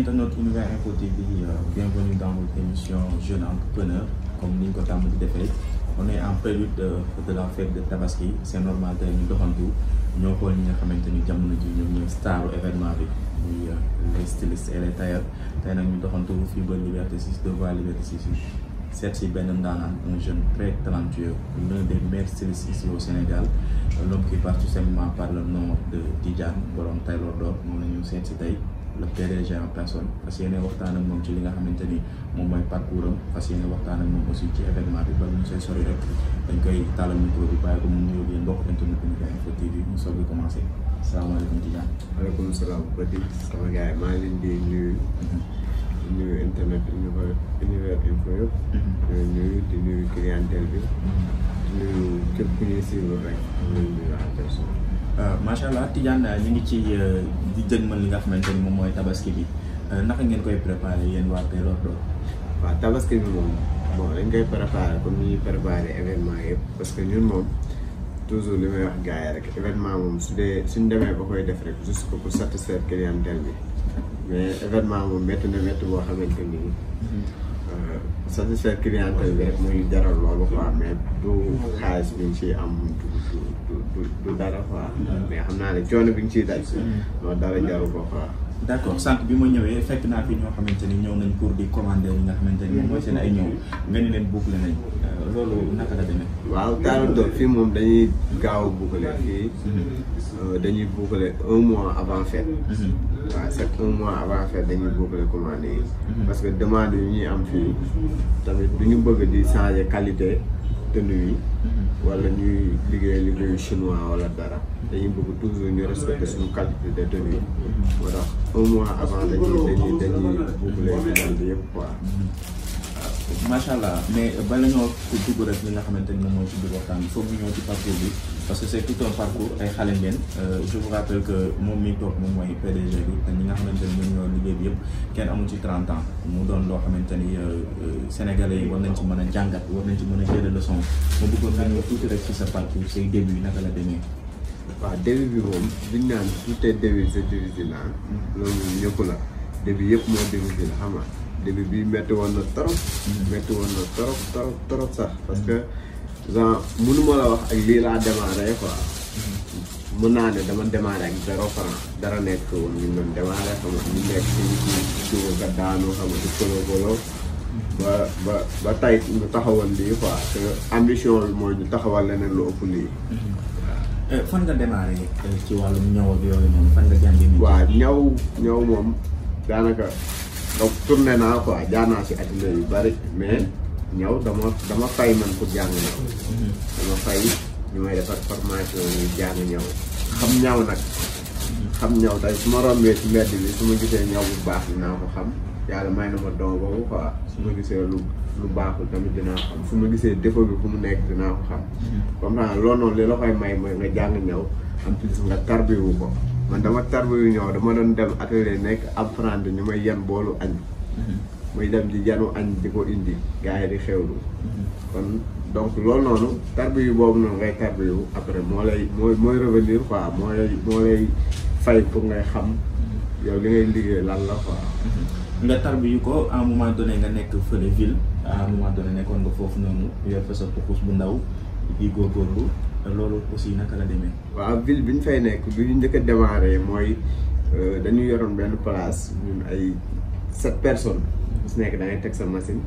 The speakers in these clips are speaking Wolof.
internautes Univers Info TV bi euh, bienvenue dans émission jeune entrepreneur comme ni ñu ko tàmm di defee on est en prélude de la de Tabaski c' est normal tey ñu doxantu ñoo xool ñi nga xamante ni jamono ji ñoom ñooy staru événement bi muy euh, les stylistes et les tailleurs tey nag ñu doxantu fii ba Liberté 6 Devoir Liberté 6 seet si benn ndaanaan un jeune très talentueux l'un des meilleurs stylistes ici au Sénégal l'homme qui passe tout simplement par le nom de Tidiane borom Taylor d'or moom la si tey le PDG en personne fas yéene waxtaan ak moom ci li nga xamante ni moom mooy parcours am fas waxtaan ak moom aussi ci événement bi ba ñu see sori rek dañ koy taalal micro bi bàyyi ko mu nuyoo yéen mbokk internet bi Louga Info TV ñu soog a commencé salaamaaleykum Tidiane. maaleykum salaam Badi sama gars yi maa ngi leen di nuyu. Mm-hmm. nuyu internet univers univers mm-hmm. nuyu nuyu clientèle mm-hmm. nuyu képp ku ñuy rek. di nuyu waa personne. Euh, macha allah Tidiane euh, ñu ngi ci euh, di dëgmal li nga xamante ni moom mooy tabaski bi naka ngeen koy préparé yéen waa Pélor Dóor. waaw tabaski bi moom bon dañ koy préparé comme ni ñuy préparé événement yëpp parce que ñun moom toujours li may wax gars yi rek événement moom su dee suñ demee ba koy def rek juste que pour satisfaire clientèle bi mais événement moom métti na métti boo xamante ni. Mhm. satisfaire client bi rek muy jaral loolu quoi mais du xaalis bi am du dara quoi mm. mais xam naa ne coono bi ñu ciy daj. non mm. dara jaru ko quoi. d' accord sànq bi ma ñëwee fekk naa fi ñoo xamante ni ñëw nañ pour di commander ñi nga xamante ni mooy seen ay ñëw nga ni leen bouclé nañ euh, loolu naka la demee. waaw Carrot Top fii moom dañuy gaaw a bouclé fii euh, dañuy bouclé un mois avant fête. Mhm. waaw c'est un mois avant fête dañuy bouclé commande yi. Mhm. parce que demande yi ñuy am fii tamit du ñu bëgg di changer qualité. tenue yi. Mm-hmm. wala ñuy liggéey liggéeyu chinois wala dara. dañuy bëgg toujours ñu respecter suñu qualité de tenue yi. Mm-hmm. moo tax un mois avant dañuy dañuy dañuy boucler commande yëpp quoi. Mm-hmm. macha allah mais bala ñoo dugg rek li nga xamante ni moom mooy ci biir waxtaan bi foog ñu ci parcours bi parce que c' est tout ay xale ngeen euh, je vous que moom mii toog moom mooy PDG bi te ñi nga xamante ni ñoom ñoo liggéey bi yëpp kenn amul ci 30 ans mu doon loo xamante ni euh, euh, sénégalais yi war nañ ci mën a jàngat war nañ ci mën a jëlee leçon ma bëggoon nga ñëw tuuti rek ci sa parcours say début yi naka la demee. waaw début bi moom duñ naan tout est début c' est difficile ah. loolu la début yëpp moo difficile xam nga début bi metti woon na trop. metti woon na trop trop trop sax parce que genre mënuma la wax ak lii laa démarré quoi. mën naa ne dama démarré ak zéro franc dara nekk woon ñu doon démarré xam nga ñu nekk ci ci nga daanu ba ba ba tey ñu taxawal lii quoi te ambition bi mooy ñu taxawal leneen lu ëpp lii. Euh, fan euh, ci wàllum ñaw fan nga jàngee. waaw ñaw ñaw moom daanaka. donc tourné naa ko a jaanaa si atelier yu bari mais ñaw dama dama fay man pour jàng ñëw dama fay ñu may defar formation yu jàng ñëw xam ñaw nag xam ñaw tey su ma rombee si mbedd bi su ma gisee ñaw bu baax naa ko xam yàlla may na ma don boobu quoi su ma gisee lu lu baaxul tamit dinaa ko xam su ma gisee défaut bi fu mu nekk dinaa ko xam hmm. comprendre loolu noonu li la koy may mooy nga jàng ñaw en plus nga tarbiwu ko man dama tarbu yu ñëw dama doon dem atelier nekk apprendre ñu may yan boolu añ muy mhm. dem di yanu añ di ko indi gars yi di xewlu mhm. kon donc loolu noonu tarbu yu boobu noonu ngay tarbu yu après moo lay mooy mooy revenir quoi moo lay moo lay fay pour ngay xam mhm. yow li ngay liggéey lan la quoi nga tarbu yu ko à un moment donné nga nekk fële ville à un nekkoon nga foofu noonu yor fa sa pukkus bu ndaw di góorgóorlu loolu aussi naka la demee. waaw ville bi ñu fay nekk bi ñu njëkk a démarré mooy euh, dañu yoroon benn place ñun ay sept personnes. bu si nekk da ngay teg sa machine.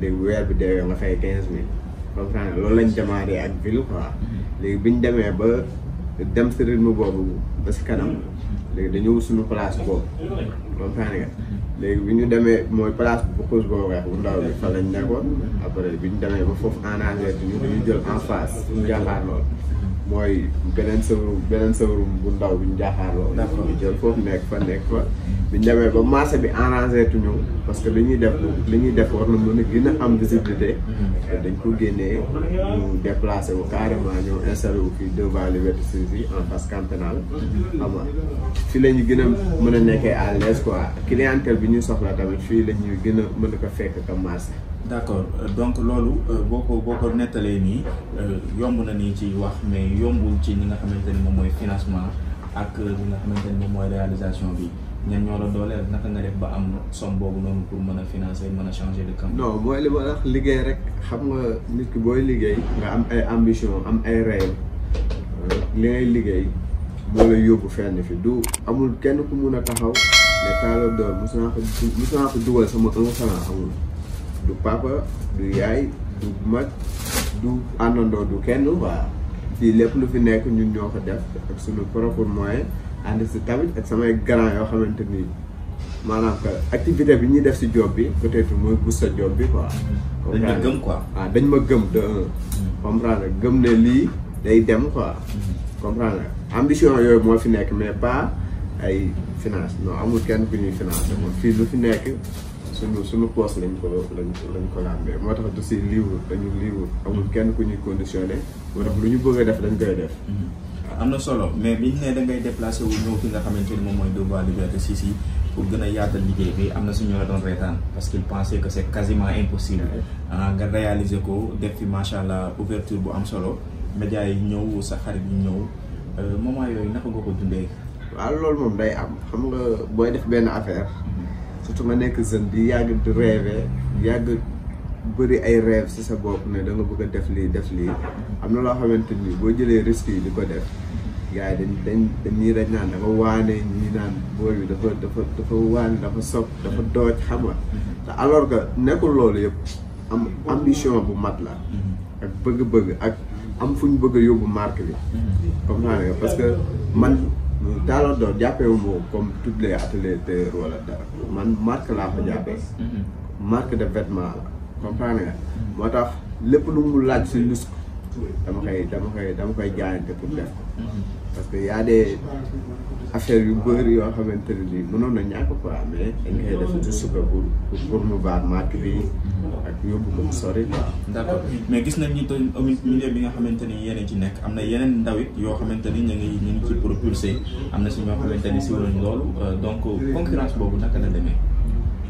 léegi weer bi deewee nga fay quinze mille. comprendre loolu lañ démarré ak ville quoi. Mm-hmm. léegi bi ñu demee ba dem si mu boobu ba si kanam. léegi dañoo suñu place boobu comprendre nga léegi bi ñu demee mooy place bu xos boobu weex bu ndaw bi fa lañ nekkoon après bi ñu demee ba foofu en arrière bi ñu dañu jël en face suñu jàllaar lool mooy beneen sëwru beneen sëwrum bu ndaw bi ñu jaaxaarloo. ñu jël foofu nekk fa nekk fa. bi ñu demee ba marché bi arrangé tuñu parce que li ñuy def li ñuy def war na mën a a am visibilité. Mhm. dañ ko génnee ñu déplacé wu carrément ñëw installé wu fii devant Liberté 6 yi en face Camp Pénal. Mhm. fii la ñu gën a mën a nekkee à l'aise quoi clientèle bi ñu soxla tamit fii la ñuy gën mën a ko fekk ka marché. d' accord euh, donc loolu euh, boo ko boo ko nettalee nii euh, yomb na nii ci wax mais yombul ci ñi nga xamante ni moom mooy financement ak ñi nga xamante ni moom mooy réalisation bi ñoo la ba am somme boobu noonu pour mën a financer mën a changer de camp. non li ma liggéey rek xam nga nit ki booy liggéey nga am ay ambition am ay ngay liggéey moo lay yóbbu fenn fi du amul kenn ku mun a taxaw ne kaala dool mos naa ko mos naa ko dugal sama un franc amul. du papa du yaay du mag du àndandoo du kenn waa fii lépp lu fi nekk ñun ñoo ko def ak suñu propre moyen ànd si tamit ak samay grand yoo xamante nii maanaam que activité bi ñuy def si job bi peut-être mooy bus sa job bi quoi. dañ ma gëm quoi ah dañ ma gëm de mm. comprendre gëm ne lii day dem quoi. Mm. comprendre ambition yooyu moo fi nekk mais pas ay finance non amul kenn ku ñuy financé moom fii lu fi nekk. suñu suñu poos lañ ko lañ lañ ko làmbee moo tax dossier livre dañu livre amul kenn ku ñuy conditionné moo tax lu ñu bëgg a def dañ koy def mm-hmm. am na solo mais biñ ne da ngay déplacé wu ñëw fi nga xamante ni moom mooy Devoir Liberté 6 yi pour gën a yaatal liggéey bi am na suñu la doon reetaan parce qu'il pensait que c'est quasiment impossible ah, nga réaliser ko def fi macha allah ouverture bu am solo média yi ñëw sa xarit yi ñëw euh, moment yooyu naka nga ko dundee waaw loolu moom day am xam nga booy def benn affaire su ma nekk jeune di yàgg di rêver yàgg bëri ay rêve ci sa bopp ne da bëgg a def lii def lii am na loo xamante ni boo jëlee risque yi di ko def gars yi dañ dañ dañuy dañ naan dafa waane ñi naan boor bi dafa dafa dafa waane dafa sob dafa dooj xam nga te alors que nekkul loolu yëpp am ambition bu mat la ak bëgg-bëgg ak am fu ñu bëgg a yóbbu marque bi mhm. parce que man taaloon doon jàppee wu ma comme toutes les ateliers tailleur wala dara man marque laa ko jàppee. Mhm. marque de vêtement la comprendre nga. Mhm. moo tax lépp lu mu laaj si lusku dama koy dama koy dama koy jaayante pour def parce que y a des yu bëri yoo xamante ne nii mënoon na ñàkk quoi mais dañ koy def juste que pour pour promouvoir marque bi mais gis nañ ni tamit milieu bi nga xamante ni yéen a ci nekk am na yeneen ndawit yoo xamante ni ñu ngi ñu ngi ci propulsé am na si ñoo xamante ni si loolu euh, donc concurrence boobu naka la demee.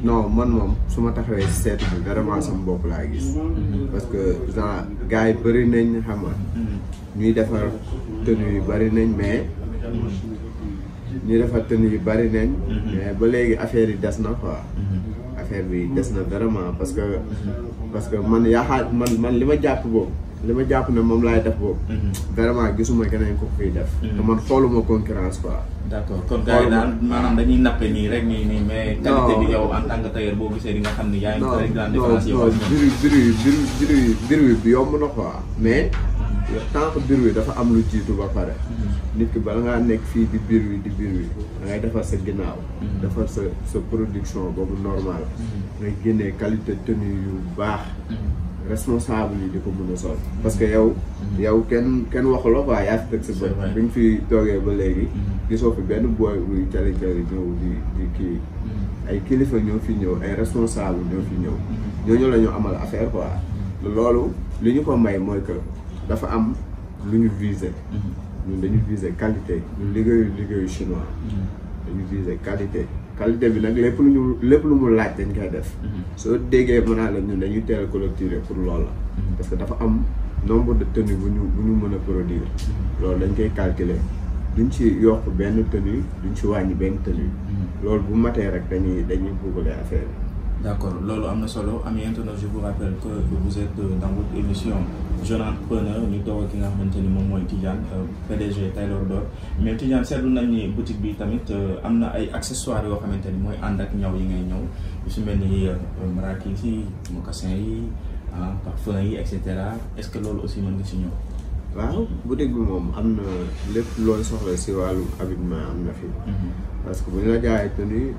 non man moom su ma taxawee seet bi vraiment sama bopp laa gis mm-hmm. parce que genre gars yi bëri nañ xam nga mm-hmm. ñuy defar tenue yu bëri nañ mais mm-hmm. ñuy defar tenue yu bëri nañ mais ba léegi affaire yi des na quoi affaire bi des na vraiment parce que parce que man yaaxaat man man li ma jàpp boobu li ma jàpp ne moom laay def boobu vraiment gisuma keneen ko kuy def te man xooluma concurrence quoi d' accord kon gars yi daal maanaam dañuy nappe nii rek nii nii mais. qualité bi yow en tant que tailleur boo gisee di nga xam ni yaa ngi. très grande différence yow non non biru biru biru biru bi yomb na quoi mais. tant que biru bi dafa am lu jiitu ba pare. Mhm. nit ki bala ngaa nekk fii di biir wi di biir wi da ngay defar sa ginnaaw mhm. defar sa sa production boobu normal mhm. ngay génnee qualité tenue yu baax responsable yi di ko mën a sol parce que yow yow kenn kenn waxu la quoi yaa fi teg sa bët bi ñu fi toogee ba léegi mm-hmm. gisoo fi benn booy buy cali cali ñëw di di kii mm-hmm. ay kilifa ñoo fi ñëw ay responsable ñoo fi ñëw mm-hmm. ñooñu la ñu amal affaire quoi loolu li ñu ko may mooy que dafa am lu ñu viser ñun dañu viser qualité ñun liggéeyu liggéeyu chinois dañu viser qualité qualité bi nag lépp lu ñu lépp lu mu laaj dañ koy def. Mhm. soo déggee mën naa la ñun dañuy teel a collecter pour lool la. Mhm. parce que dafa am nombre de bu ñu bu ñu mën a produire. Mhm. loolu dañ koy calculer duñ ci yokk benn tenue duñ ci wàññi benn tenue. loolu bu matee rek dañuy dañuy buggalee affaire bi. d' accord loolu am na solo am na je vous rappelle que vous êtes dans votre émission. jeune entrepreneur ñu doog ki nga xamante ni moom mooy Tidiane euh, PDG Taylor Dor mais Tidiane seetlu nañ ni boutique bi tamit euh, am na ay accessoires yoo xamante ni mooy ànd ak ñaw yi ngay ñëw yu si mel ni euh, maraakis yi mocassin yi ah parfum yi et ce que loolu aussi mën nga si ñëw. waaw boutique bi moom am na lépp loolu soxla si wàllu habillement am na fi. Mhm. parce que bu ñu la jaayee tenue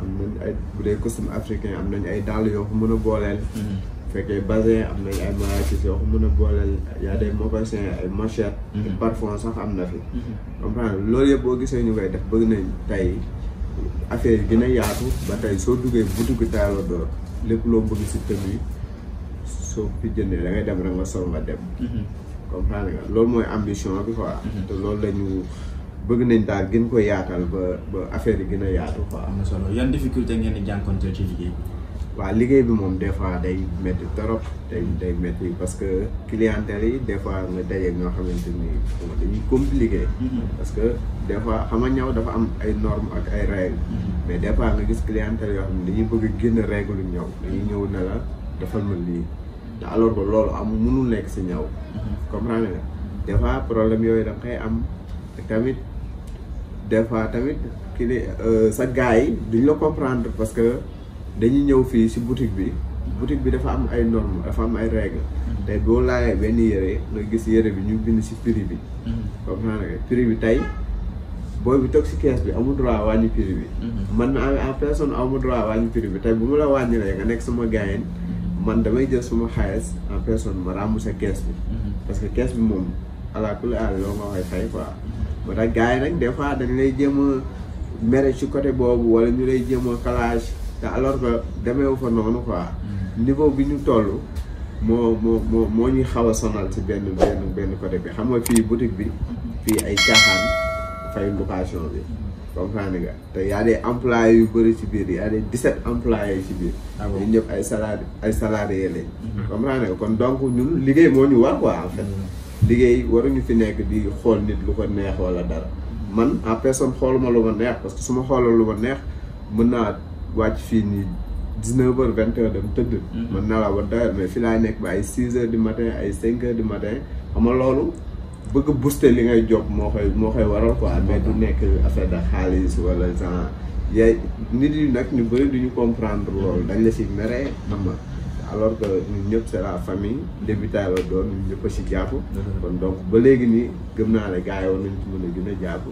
am nañ ay bu dee costume africain am nañ ay dàll yoo ko mën a booleel. Mhm. fekkee basin am nañ ay maraichis yoo xam mën a booleel yaa des mocassins ay manchettes mm-hmm. parfum sax am na fi mm-hmm. comprendre loolu yëpp boo gisee ñu koy def bëgg nañ tey affaire yi gën a yaatu ba tey soo duggee boutique Talla Dolor lépp loo bëgg si tëb yi soo fi jëndee da dem rek nga sol nga dem mm-hmm. comprendre nga loolu mooy ambition bi quoi te loolu lañu bëgg nañ daal gën ko yaatal ba ba affaire yi gën a yaatu quoi am na solo yan difficulté ngeen di jànkonteel ci liggéey bi waaw liggéey bi moom des fois day métti trop day day metti parce que clientèle yi des fois nga daje ñoo xamante ni dañuy compliqué. Mhm. parce que des fois xam nga ñaw dafa am ay normes ak ay règles. Mhm. mais des fois nga gis clientèle yoo xam ne dañuy bëgg génn règle ñëw dañuy ñëw ne la defal ma lii te alors que loolu am mënul nekk si ñaw. Mhm. comprendre nga des fois problème yooyu da nga am tamit des fois tamit kii euh, sa gars yi duñ la comprendre parce que. dañuy ñëw fii si boutique bi boutique bi dafa am ay normes dafa am ay règles mm-hmm. tey boo laajee benn yére nga gis yére bi ñu bind si prix bi. Mm-hmm. comme naa bi tey booy bi toog si kees bi amul droit wàññi prix bi. Mm-hmm. man na en personne amul droit wàññi prix bi bu ma la wàññilee nekk sama gaayen man damay jël sama xaalis en personne ma ràmm sa kees bi. parce que kees bi moom ala kulli aal loo ma koy fay quoi. ba tax gars yi nag des fois dañ lay jéem a mere ci côté boobu wala ñu lay jéem a te alors que demeewu fa noonu quoi niveau bi ñu toll moo moo moo moo ñuy xaw a sonal ci benn benn benn côté bi xam nga fii boutique bi fii ay caaxaan fay location bi comprendre nga te y a des yu bëri ci biir y a des 17 employés ci biir. Ah ñu ñëpp ay salari ay salariés lañ. Mm-hmm. comprendre nga kon donc ñun liggéey moo ñu war quoi en fait. Mm-hmm. liggéey waruñu fi nekk di xool nit lu ko neex wala dara. man en personne xooluma lu ma neex parce que su ma xoolal lu ma neex mën naa wàcc fii ni dix-neuf heures vingt heures dem tëdd mm-hmm. man na la ba doyal mais fi laay nekk ba ay six heures du matin ay cinq heures du matin xam loolu bëgg booster li ngay job moo koy moo koy waral ko mais du nekk affaire de xaalis wala genre yaay nit yi nag ñu bëri duñu comprendre loolu dañ la si meree xam nga alors que ñun ñëpp c'est la famille débutant la doon ñun ñëpp si jàpp mm-hmm. kon donc ba léegi nii gëm naa ne gars yi war nañ ci mën a gën a jàpp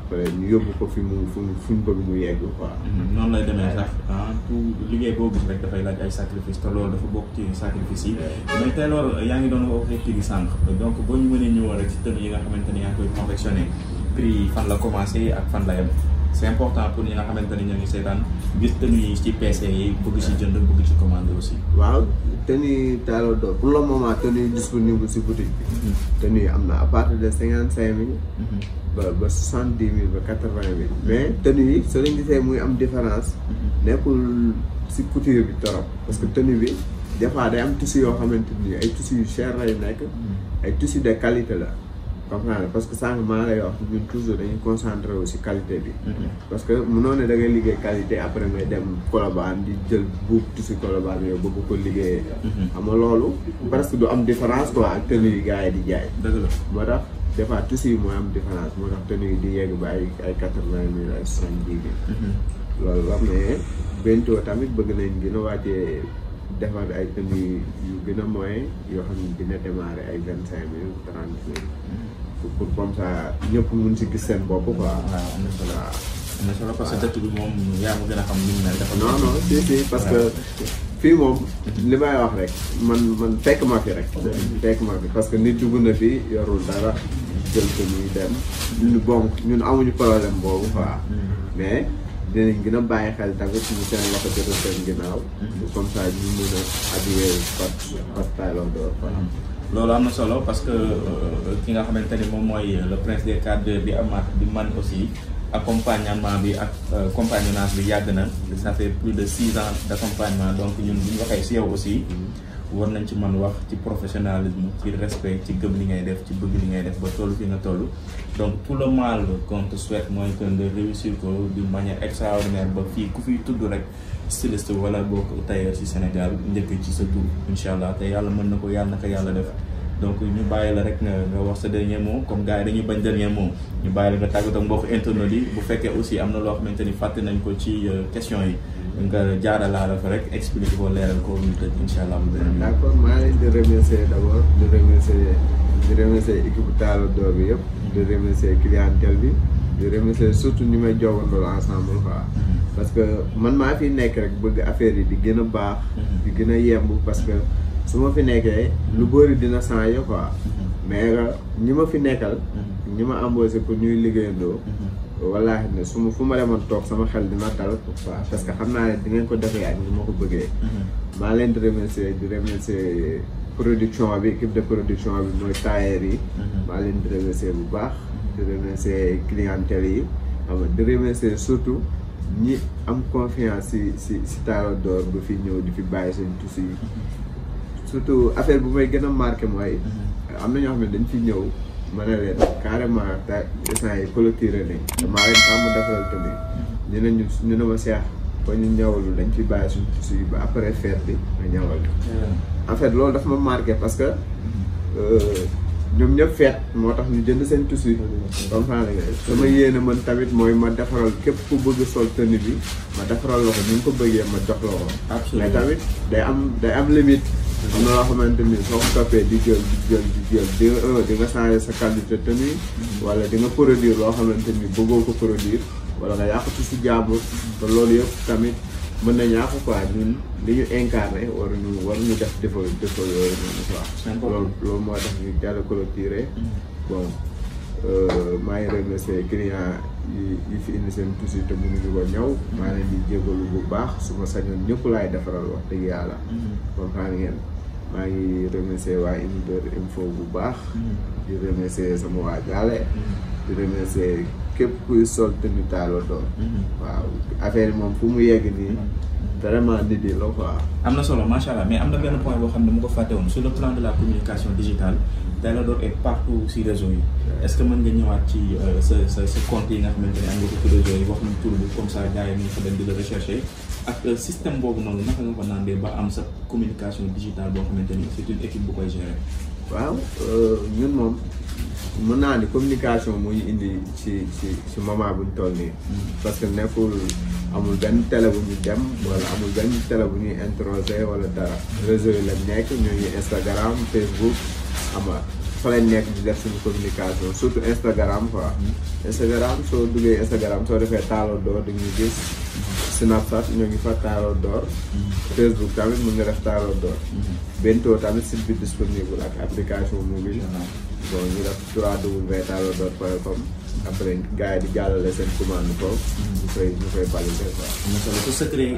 après yóbbu ko fi mu fu fu ñu bëgg mu yegg quoi mm-hmm. noonu lay demee sax ah tout liggéey boo gis rek dafay laaj ay sacrifice te loolu dafa bokk ci sacrifice yi mais tey yaa ngi doon wax objectif yi sànq donc boo ñu mënee ñëwoon rek si tën yi nga xamante ni yaa ngi koy confectionné prix fan la commencé ak fan la yem c'est important pour ñi nga xamante ni ñoo ngi seetaan gis tenue yi ci PC yi bëgg ci jënd bëgg ci commander aussi. waaw tenue Tailor d'or pour le moment tenue disponible ci boutique bi. Mm-hmm. tenue yi am na à partir de cinquante cinq mm-hmm. mille. ba ba soixante dix mille ba quatre vingt mille. mais tenue yi soo leen gisee muy am différence. Mm-hmm. nekkul si couture bi trop. parce que tenue bi des day am tissu yoo xamante ni ay tissu yu cher lay nekk. ay tissu de qualité la. comprendre parce que sànq maa dañuy concentré wu qualité mm-hmm. parce que mënoo ne da liggéey qualité après ngay dem Colobane di jël buub tissu Colobane yow bëgg ko liggéeyee. Mm-hmm. xam nga loolu presque du am différence quoi ak tenue yi gars yi di jaay. dëgg la moo am différence moo tax di yegg ba ay ay quatre-vingt mille ay soixante dix mm-hmm. loolu la mais tamit bëgg nañ gën a wàccee defar ay tenue yu gën a yoo xam ne dina démarrer ay vingt cinq mille trente mille. pour comme ça ñëpp mun si gis seen bopp quoi. waaw am na solo parce que dëkk a parce que fii moom li may wax rek man man fekk ma fi rek. fekk ma fi parce que nit dugg na fi yorul dara. jël ko muy dem. ñun bon ñun amuñu problème boobu quoi. Mm-hmm. mais dinañ gën a bàyyi xel tamit ñu seen loxo jot a seen ginnaaw. Mm-hmm. comme ça ñu mun a adhéré par par Thaïlande. loolu am na solo parce que euh, ki nga xamante ni moom mooy euh, le prince des cadres bi amaat di man aussi accompagnement bi ak euh, compagnonnage bi yàgg na ça fait plus de six ans d' accompagnement donc ñun bu waxee si yow aussi war nañ ci man wax ci professionnalisme ci respect ci gëm li ngay def ci bëgg li ngay def ba toll fi nga toll donc tout le mal qu'on te souhaite mooy que nga réussir ko d'une manière extraordinaire ba fii ku fii tudd rek styliste wala boo ko tailleur si Sénégal njëkk ci sa tur incha allah te yàlla mën na ko yàlla na ko yàlla def donc ñu bàyyi la rek nga nga wax sa dernier moom comme gars yi dañuy bañ dernier moom ñu bàyyi la nga tàggatoo ak mbokku internet yi bu fekkee aussi am na loo xamante ni fàtte nañ ko ci euh, question yi nga laa fa rek expliqué ko leeral ko ñu tëj incha allah. d'accord maa ngi di remercier d'abord di remercier di remercier équipe Talla Dóor bi yëpp. di remercier clientèle bi. di remercier surtout ñu may jogandoolu ensemble quoi mm-hmm. parce que man maa fi nekk rek bëgg affaire yi di gën a baax mm-hmm. di gën a yemb parce que su ma fi nekkee lu bëri dina changé quoi mm-hmm. mais ñi ma fi nekkal mm-hmm. ñi ma embauché pour ñuy liggéeyandoo mm-hmm. wallaahi ne su ma fu ma demoon toog sama xel dina tal quoi parce que xam naa ne dinañ ko defee ak ni ma ko bëggee maa leen di remercier di remercier production bi équipe de production bi mooy tailleur yi maa leen di remercier bu baax di remercier clientèle yi xam nga di remercier surtout ñi am confiance si si si Talla Dóor ba fi ñëw di fi bàyyi seen tusi yi surtout affaire bu may gën a marqué mooy. Mhm. am na ñoo xam ne dañ fi ñëw ma ne leen carrément da instant yi clôturé nañ. te maa leen tàmm defaral tamit. Mhm. ñu ne ñu ñu ne ma seex ba ñu ñawlu dañ ci bàyyi suñ suñu ba après fête bi nga ñawal. en fait loolu daf ma marqué parce que. Mhm. Euh, ñoom ñëpp feet moo tax ñu jënd seen tissu comprendre nga sama yéene man tamit mooy ma defaral képp ku bëgg sol tenue bi ma defaral la ko ni nga ko bëggee ma jox la ko mais tamit day am day am limite am na xamante ni soo ko toppee di jël di jël di jël di nga di nga changé sa qualité tenue wala di nga produire loo xamante ni bëggoo ko produire wala nga yàq tissu jàmbur loolu yëpp tamit mën na ñaaxu quoi ñun li ñu incarné war ñu def défaut défaut yooyu noonu quoi. loolu loolu moo tax ñu jàll clôturé. Mm. bon euh, maa ngi remercié client yi fi indi seen tusi te mënuñu ko ñaw maa leen di jégalu bu baax su ma sañoon ñëpp laay defaral wax dëgg yàlla. Mm. comprendre ngeen maa ngi remercié waa Univers Info bu baax. Mm. di remercié sama waa Jalle. di remercié. képp kuy sol tenue tailor-d'or. Mhm. waaw affaire yi moom fu mu yegg nii. Mhm. vraiment nit yi la quoi. am na solo macha mais am na benn point boo xam ne mu ko fàtte woon sur le plan de la communication digitale. tailor-d'or est partout si réseau yi. est-ce nga ñëwaat ci euh, sa sa sa compte ne di la rechercher ak euh, système boobu noonu naka nga ko naan ba am sa communication digitale boo xamante ni c'est une équipe bu koy gérer. waaw euh, ñun moom. mën naa ni communication muy indi ci ci ci moment bu ñu toll nii. Mm. parce que nekkul amul benn télé bu dem wala amul benn télé bu ñuy introsé wala dara. réseau yi lañ nekk ñooñu Instagram Facebook xam fa lañ nekk di def suñu communication surtout Instagram quoi. Mm. Instagram soo duggee Instagram soo defee taaloo door di ñu gis. Snapchat ñoo ngi fa taaloo door. Mm. Facebook tamit mën nga def taaloo door. bentoo tamit site bi disponible ak application mobile. bon ñu def 3w après gars yi di jàllale seen command foofu. ñu koy ñu koy valider quoi. am na solo su secret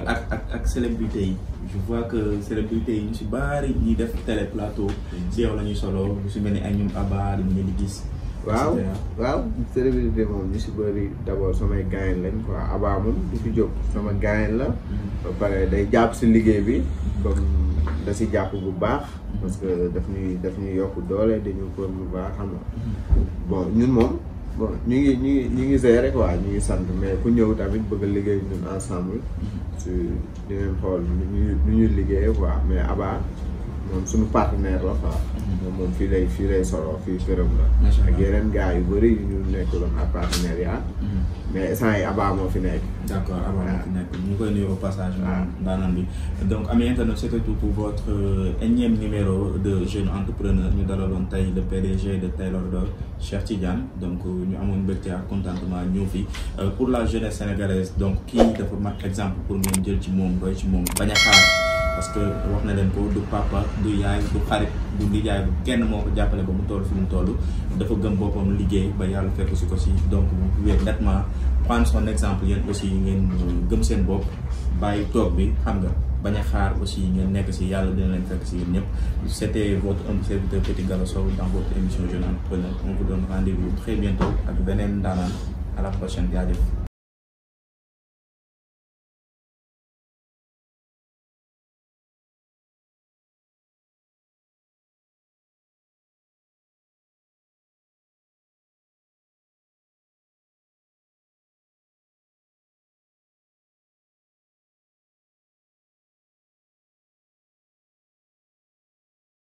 si def télé plateau. Mm-hmm. si yow ñuy solo si mel ni ay ñoom Abba dañu leen di gis. waaw waaw célébrité moom ñu si bëri d' abord samay gaayen lañ quoi Abba moom du fi jóg sama gaayen la. Mm-hmm. ba pare day jàpp si liggéey bi. comme mm-hmm. da si jàpp bu baax. parce que daf ñuy daf ñuy yokk doole dañu promouvoir xam nga mhm. bon ñun moom bo ñu ngi ñu ngi ñu ngi gérer quoi ñu ngi sant mais ku ñëw tamit bëgg a liggéey ñun ensemble mhm. su dinañ xool nu ñuy nu ñuy liggéey quoi mais Abba moom suñu partenaire la quoi. moom moom fii lay fii lay solo fii këram la. ak yeneen gars yu bëri yu ñu nekkuloon ak partenariat. Mhm. mais instant yi Aba moo fi nekk. d' accord moo fi nekk ñu koy nuyu au passage. waaw ah. daanaan bi donc Amis Internautes c'était tout pour votre euh, énième numéro de jeune entrepreneur ñu dalaloon tey le PDG de Taylor-Dor Cheikh Tidiane donc euh, ñu amoon mbégte ak contentement ñu fi euh, pour la jeunesse sénégalaise donc kii dafa mat exemple pour ngeen jël ci moom doy ci moom bañ parce que wax na leen ko du papa du yaay du xarit du nijaay bu kenn moo ko jàppale ba mu toll fi mu toll dafa gëm boppam liggéey ba yàlla fekk si ko si donc vous pouvez nettement prendre son exemple yéen aussi ngeen gëm seen bopp bàyyi toog bi xam nga bañ a xaar aussi ngeen nekk si yàlla dina leen fekk si yéen ñëpp c' était votre humble serviteur Petit Galo Sow dans votre émission Jeune Entrepreneur on vous donne rendez-vous très bientôt ak beneen daanaan à la